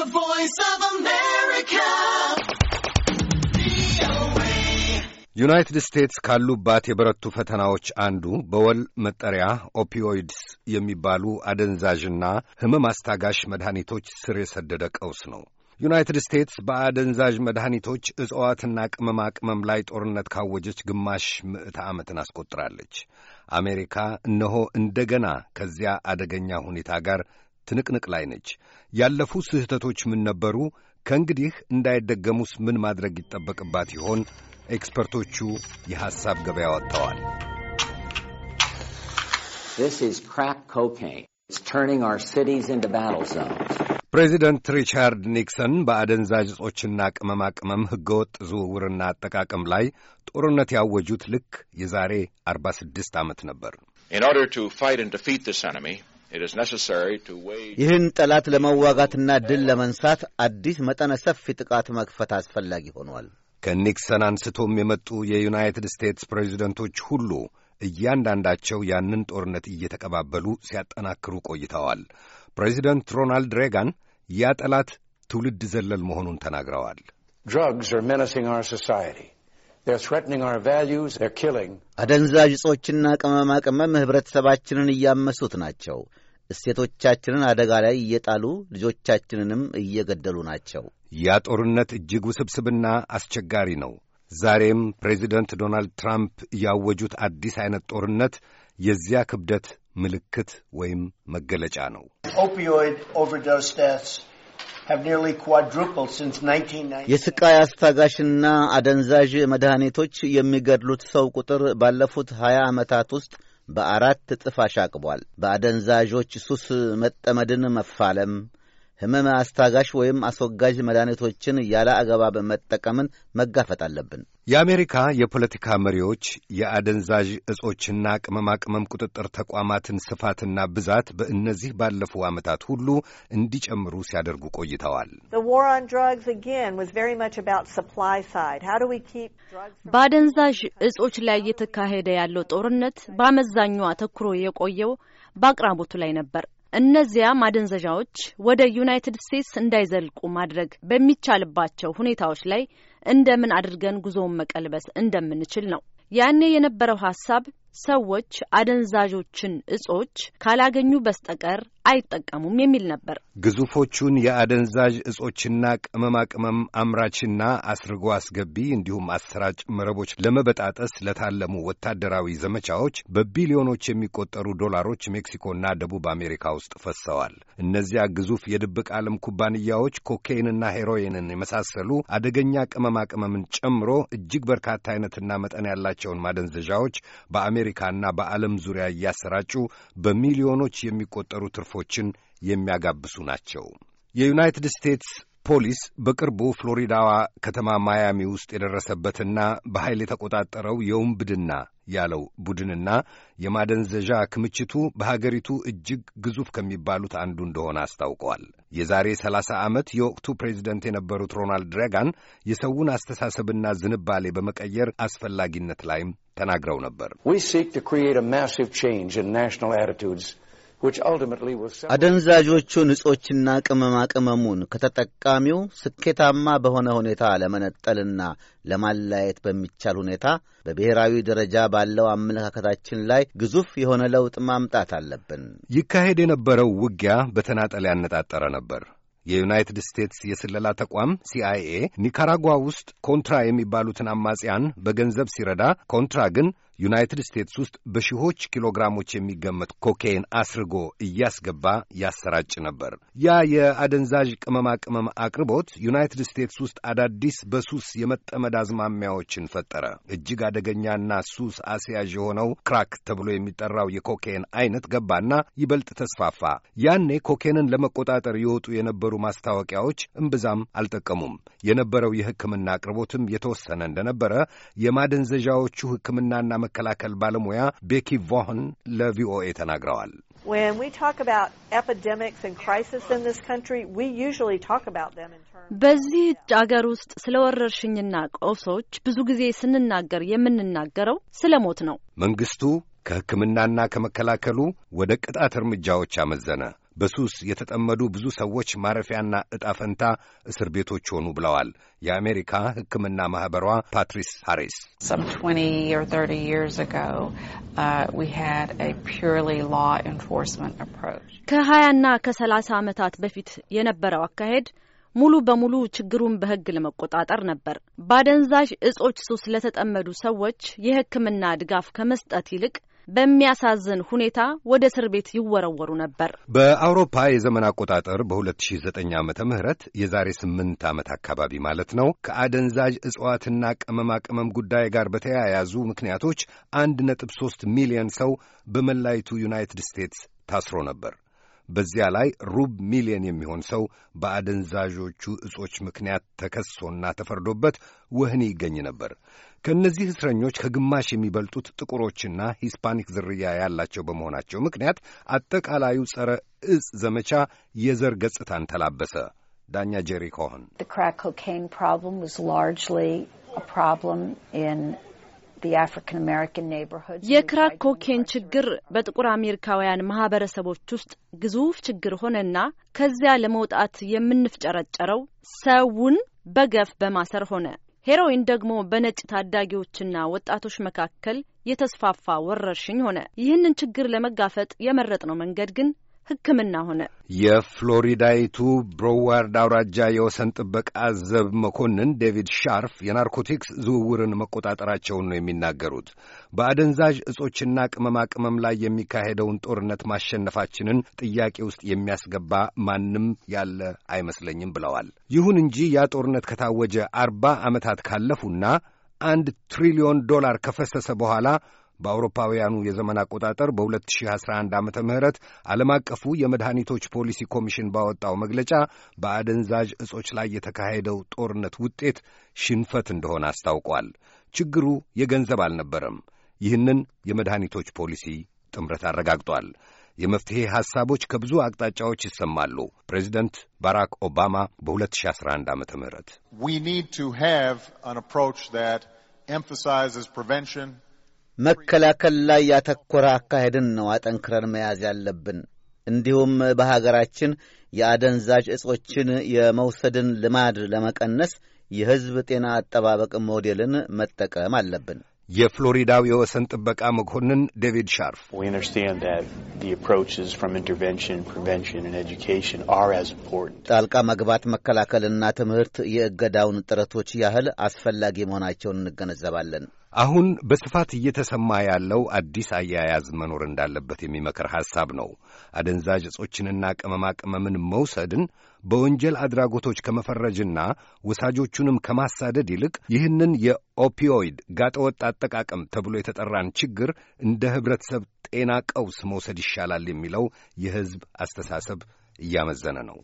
The Voice of America. ዩናይትድ ስቴትስ ካሉባት የበረቱ ፈተናዎች አንዱ በወል መጠሪያ ኦፒዮይድስ የሚባሉ አደንዛዥና ህመም አስታጋሽ መድኃኒቶች ስር የሰደደ ቀውስ ነው። ዩናይትድ ስቴትስ በአደንዛዥ መድኃኒቶች እጽዋትና ቅመማ ቅመም ላይ ጦርነት ካወጀች ግማሽ ምዕተ ዓመትን አስቆጥራለች። አሜሪካ እነሆ እንደገና ከዚያ አደገኛ ሁኔታ ጋር ትንቅንቅ ላይ ነች። ያለፉ ስህተቶች ምን ነበሩ? ከእንግዲህ እንዳይደገሙስ ምን ማድረግ ይጠበቅባት ይሆን? ኤክስፐርቶቹ የሐሳብ ገበያ ወጥተዋል። ፕሬዚደንት ሪቻርድ ኒክሰን በአደንዛዥ ዕጾችና ቅመማ ቅመም ሕገወጥ ዝውውርና አጠቃቀም ላይ ጦርነት ያወጁት ልክ የዛሬ 46 ዓመት ነበር። ይህን ጠላት ለመዋጋትና ድል ለመንሳት አዲስ መጠነ ሰፊ ጥቃት መክፈት አስፈላጊ ሆኗል። ከኒክሰን አንስቶም የመጡ የዩናይትድ ስቴትስ ፕሬዚደንቶች ሁሉ እያንዳንዳቸው ያንን ጦርነት እየተቀባበሉ ሲያጠናክሩ ቆይተዋል። ፕሬዚደንት ሮናልድ ሬጋን ያ ጠላት ትውልድ ዘለል መሆኑን ተናግረዋል። አደንዛዥ እጾችና ቅመማ ቅመም ኅብረተሰባችንን እያመሱት ናቸው። እሴቶቻችንን አደጋ ላይ እየጣሉ ልጆቻችንንም እየገደሉ ናቸው። ያ ጦርነት እጅግ ውስብስብና አስቸጋሪ ነው። ዛሬም ፕሬዚደንት ዶናልድ ትራምፕ ያወጁት አዲስ ዐይነት ጦርነት የዚያ ክብደት ምልክት ወይም መገለጫ ነው። የስቃይ አስታጋሽና አደንዛዥ መድኃኒቶች የሚገድሉት ሰው ቁጥር ባለፉት ሀያ ዓመታት ውስጥ በአራት እጥፍ አሻቅቧል። በአደንዛዦች ሱስ መጠመድን መፋለም ህመም አስታጋሽ ወይም አስወጋጅ መድኃኒቶችን ያለ አገባ መጠቀምን መጋፈጥ አለብን። የአሜሪካ የፖለቲካ መሪዎች የአደንዛዥ እጾችና ቅመማ ቅመም ቁጥጥር ተቋማትን ስፋትና ብዛት በእነዚህ ባለፉ ዓመታት ሁሉ እንዲጨምሩ ሲያደርጉ ቆይተዋል። በአደንዛዥ እጾች ላይ እየተካሄደ ያለው ጦርነት በአመዛኙ አተኩሮ የቆየው በአቅራቦቱ ላይ ነበር። እነዚያ ማደንዘዣዎች ወደ ዩናይትድ ስቴትስ እንዳይዘልቁ ማድረግ በሚቻልባቸው ሁኔታዎች ላይ እንደምን አድርገን ጉዞውን መቀልበስ እንደምንችል ነው። ያኔ የነበረው ሀሳብ ሰዎች አደንዛዦችን እጾች ካላገኙ በስተቀር አይጠቀሙም የሚል ነበር። ግዙፎቹን የአደንዛዥ እጾችና ቅመማ ቅመም አምራችና አስርጎ አስገቢ እንዲሁም አሰራጭ መረቦች ለመበጣጠስ ለታለሙ ወታደራዊ ዘመቻዎች በቢሊዮኖች የሚቆጠሩ ዶላሮች ሜክሲኮና ደቡብ አሜሪካ ውስጥ ፈሰዋል። እነዚያ ግዙፍ የድብቅ ዓለም ኩባንያዎች ኮኬይንና ሄሮይንን የመሳሰሉ አደገኛ ቅመማ ቅመምን ጨምሮ እጅግ በርካታ አይነትና መጠን ያላቸውን ማደንዘዣዎች በአሜ በአሜሪካና በዓለም ዙሪያ እያሰራጩ በሚሊዮኖች የሚቆጠሩ ትርፎችን የሚያጋብሱ ናቸው። የዩናይትድ ስቴትስ ፖሊስ በቅርቡ ፍሎሪዳዋ ከተማ ማያሚ ውስጥ የደረሰበትና በኃይል የተቆጣጠረው የውንብድና ያለው ቡድንና የማደንዘዣ ክምችቱ በሀገሪቱ እጅግ ግዙፍ ከሚባሉት አንዱ እንደሆነ አስታውቀዋል። የዛሬ 30 ዓመት የወቅቱ ፕሬዚደንት የነበሩት ሮናልድ ሬጋን የሰውን አስተሳሰብና ዝንባሌ በመቀየር አስፈላጊነት ላይም ተናግረው ነበር። We seek to create a massive change in national attitudes አደንዛዦቹ ንጾችና ቅመማ ቅመሙን ከተጠቃሚው ስኬታማ በሆነ ሁኔታ ለመነጠልና ለማላየት በሚቻል ሁኔታ በብሔራዊ ደረጃ ባለው አመለካከታችን ላይ ግዙፍ የሆነ ለውጥ ማምጣት አለብን። ይካሄድ የነበረው ውጊያ በተናጠል ያነጣጠረ ነበር። የዩናይትድ ስቴትስ የስለላ ተቋም ሲአይኤ ኒካራጓ ውስጥ ኮንትራ የሚባሉትን አማጽያን በገንዘብ ሲረዳ፣ ኮንትራ ግን ዩናይትድ ስቴትስ ውስጥ በሺዎች ኪሎግራሞች የሚገመት ኮኬይን አስርጎ እያስገባ ያሰራጭ ነበር። ያ የአደንዛዥ ቅመማ ቅመም አቅርቦት ዩናይትድ ስቴትስ ውስጥ አዳዲስ በሱስ የመጠመድ አዝማሚያዎችን ፈጠረ። እጅግ አደገኛና ሱስ አስያዥ የሆነው ክራክ ተብሎ የሚጠራው የኮኬይን አይነት ገባና ይበልጥ ተስፋፋ። ያኔ ኮኬንን ለመቆጣጠር የወጡ የነበሩ ማስታወቂያዎች እምብዛም አልጠቀሙም። የነበረው የሕክምና አቅርቦትም የተወሰነ እንደነበረ የማደንዘዣዎቹ ሕክምናና መከላከል ባለሙያ ቤኪ ቮህን ለቪኦኤ ተናግረዋል። በዚህ አገር ውስጥ ስለ ወረርሽኝና ቀውሶች ብዙ ጊዜ ስንናገር የምንናገረው ስለ ሞት ነው። መንግስቱ ከሕክምናና ከመከላከሉ ወደ ቅጣት እርምጃዎች አመዘነ። በሱስ የተጠመዱ ብዙ ሰዎች ማረፊያና ዕጣ ፈንታ እስር ቤቶች ሆኑ ብለዋል የአሜሪካ ሕክምና ማኅበሯ ፓትሪስ ሃሪስ። uh, ከሀያና ከሰላሳ ዓመታት በፊት የነበረው አካሄድ ሙሉ በሙሉ ችግሩን በሕግ ለመቆጣጠር ነበር። ባደንዛዥ እጾች ሱስ ለተጠመዱ ሰዎች የሕክምና ድጋፍ ከመስጠት ይልቅ በሚያሳዝን ሁኔታ ወደ እስር ቤት ይወረወሩ ነበር። በአውሮፓ የዘመን አቆጣጠር በ2009 ዓ. ምህረት የዛሬ 8 ዓመት አካባቢ ማለት ነው ከአደንዛዥ እጽዋትና ቅመማ ቅመም ጉዳይ ጋር በተያያዙ ምክንያቶች አንድ ሚሊዮን ሰው በመላይቱ ዩናይትድ ስቴትስ ታስሮ ነበር። በዚያ ላይ ሩብ ሚሊዮን የሚሆን ሰው በአደንዛዦቹ እጾች ምክንያት ተከሶና ተፈርዶበት ወህኒ ይገኝ ነበር። ከእነዚህ እስረኞች ከግማሽ የሚበልጡት ጥቁሮችና ሂስፓኒክ ዝርያ ያላቸው በመሆናቸው ምክንያት አጠቃላዩ ጸረ እጽ ዘመቻ የዘር ገጽታን ተላበሰ። ዳኛ ጄሪ ኮሆን የክራኮኬን ችግር በጥቁር አሜሪካውያን ማህበረሰቦች ውስጥ ግዙፍ ችግር ሆነና ከዚያ ለመውጣት የምንፍጨረጨረው ሰውን በገፍ በማሰር ሆነ። ሄሮይን ደግሞ በነጭ ታዳጊዎችና ወጣቶች መካከል የተስፋፋ ወረርሽኝ ሆነ። ይህንን ችግር ለመጋፈጥ የመረጥነው መንገድ ግን ሕክምና ሆነ። የፍሎሪዳይቱ ብሮዋርድ አውራጃ የወሰን ጥበቃ ዘብ መኮንን ዴቪድ ሻርፍ የናርኮቲክስ ዝውውርን መቆጣጠራቸውን ነው የሚናገሩት። በአደንዛዥ እጾችና ቅመማ ቅመም ላይ የሚካሄደውን ጦርነት ማሸነፋችንን ጥያቄ ውስጥ የሚያስገባ ማንም ያለ አይመስለኝም ብለዋል። ይሁን እንጂ ያ ጦርነት ከታወጀ አርባ ዓመታት ካለፉና አንድ ትሪሊዮን ዶላር ከፈሰሰ በኋላ በአውሮፓውያኑ የዘመን አቆጣጠር በ2011 ዓ ም ዓለም አቀፉ የመድኃኒቶች ፖሊሲ ኮሚሽን ባወጣው መግለጫ በአደንዛዥ እጾች ላይ የተካሄደው ጦርነት ውጤት ሽንፈት እንደሆነ አስታውቋል። ችግሩ የገንዘብ አልነበረም። ይህንን የመድኃኒቶች ፖሊሲ ጥምረት አረጋግጧል። የመፍትሔ ሐሳቦች ከብዙ አቅጣጫዎች ይሰማሉ። ፕሬዚደንት ባራክ ኦባማ በ2011 ዓ ም መከላከል ላይ ያተኮረ አካሄድን ነው አጠንክረን መያዝ ያለብን። እንዲሁም በሀገራችን የአደንዛዥ እጾችን የመውሰድን ልማድ ለመቀነስ የሕዝብ ጤና አጠባበቅ ሞዴልን መጠቀም አለብን። የፍሎሪዳው የወሰን ጥበቃ መኮንን ዴቪድ ሻርፍ ጣልቃ መግባት፣ መከላከልና ትምህርት የእገዳውን ጥረቶች ያህል አስፈላጊ መሆናቸውን እንገነዘባለን። አሁን በስፋት እየተሰማ ያለው አዲስ አያያዝ መኖር እንዳለበት የሚመክር ሐሳብ ነው። አደንዛዥ እጾችንና ቅመማ ቅመምን መውሰድን በወንጀል አድራጎቶች ከመፈረጅና ወሳጆቹንም ከማሳደድ ይልቅ ይህንን የኦፒዮይድ ጋጠወጥ አጠቃቀም ተብሎ የተጠራን ችግር እንደ ኅብረተሰብ ጤና ቀውስ መውሰድ ይሻላል የሚለው የሕዝብ አስተሳሰብ እያመዘነ ነው።